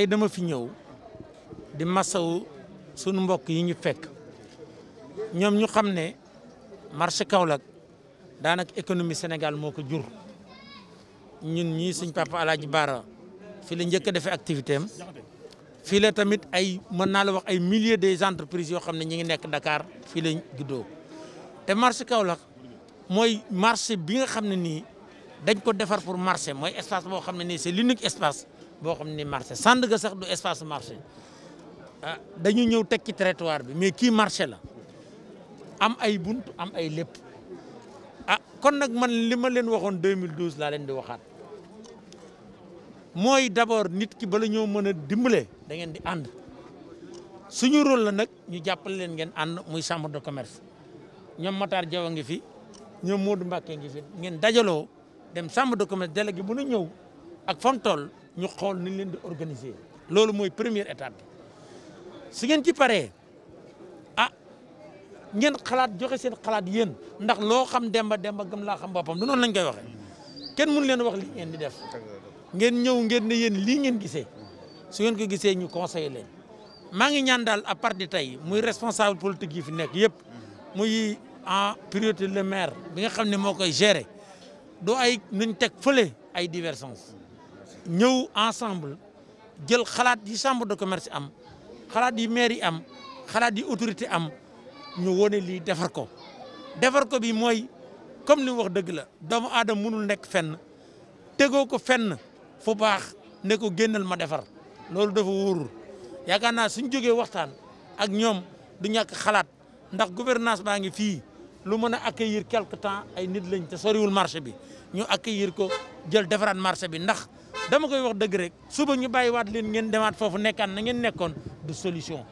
tey dama fi ñëw di masawu sunu mbokk yi ñu fekk ñoom ñu xam ne marché Kaolack daanaka économie senegal moo ko jur ñun ñii suñ papa Alaaji Baara fii la njëkk defee activité am fii la tamit ay mën naa la wax ay millier des entreprises yoo xam ne ñu ngi nekk Dakar fii la juddoo te marché Kaolack mooy marché bi nga xam ne nii dañ ko defar pour marché mooy espace boo xam ne nii c'est l'unique espace boo xam ni marché Sandaga sax du espace marché ah dañu ñëw teg ci trottoir bi mais kii marché la am ay bunt am ay lépp ah kon nag man li ma leen waxoon 2012 laa leen di waxaat mooy d'abord nit ki bala ñoo mën a dimbale da ngeen di ànd suñu rôle la nag ñu jàppale leen ngeen ànd muy chambre de commerce ñoom Matar Diaw a ngi fi ñoom Modou Mbacke ngi fi ngeen dajaloo dem chambre de commerce gi bu nu ñëw ak fam toll ñu xool ni leen di organiser loolu mooy première étape bi su ngeen ci paree ah ngeen xalaat joxe seen xalaat yéen ndax loo xam demba demba gëm laa xam boppam du noonu lañ koy waxee kenn mun leen wax li di def ngeen ñëw ngeen ne yéen lii ngeen gisee su ngeen ko gisee ñu conseillé leen maa ngi ñaan daal à part de tey muy responsable politique yi fi nekk yëpp muy en priorité le maire bi nga xam ne moo koy gere doo ay nañ teg fële ay diversance ñëw ensemble jël xalaat yi chambre de commerce am xalaat yi maire am xalaat yi autorité am ñu wone lii defar ko defar ko bi mooy comme li wax dëgg la doomu aadama mënul nekk fenn tegoo ko fenn fu baax ne ko génnal ma defar loolu dafa wóorul yaakaar naa suñ jógee waxtaan ak ñoom du ñàkk xalaat ndax gouvernance baa ngi fii lu mën a accueillir quelque temps ay nit lañ te soriwul marché bi ñu accueillir ko jël defaraat marché bi ndax dama koy wax dëgg rek suba ñu bàyyiwaat leen ngeen demaat foofu nekkaan na ngeen nekkoon du solution.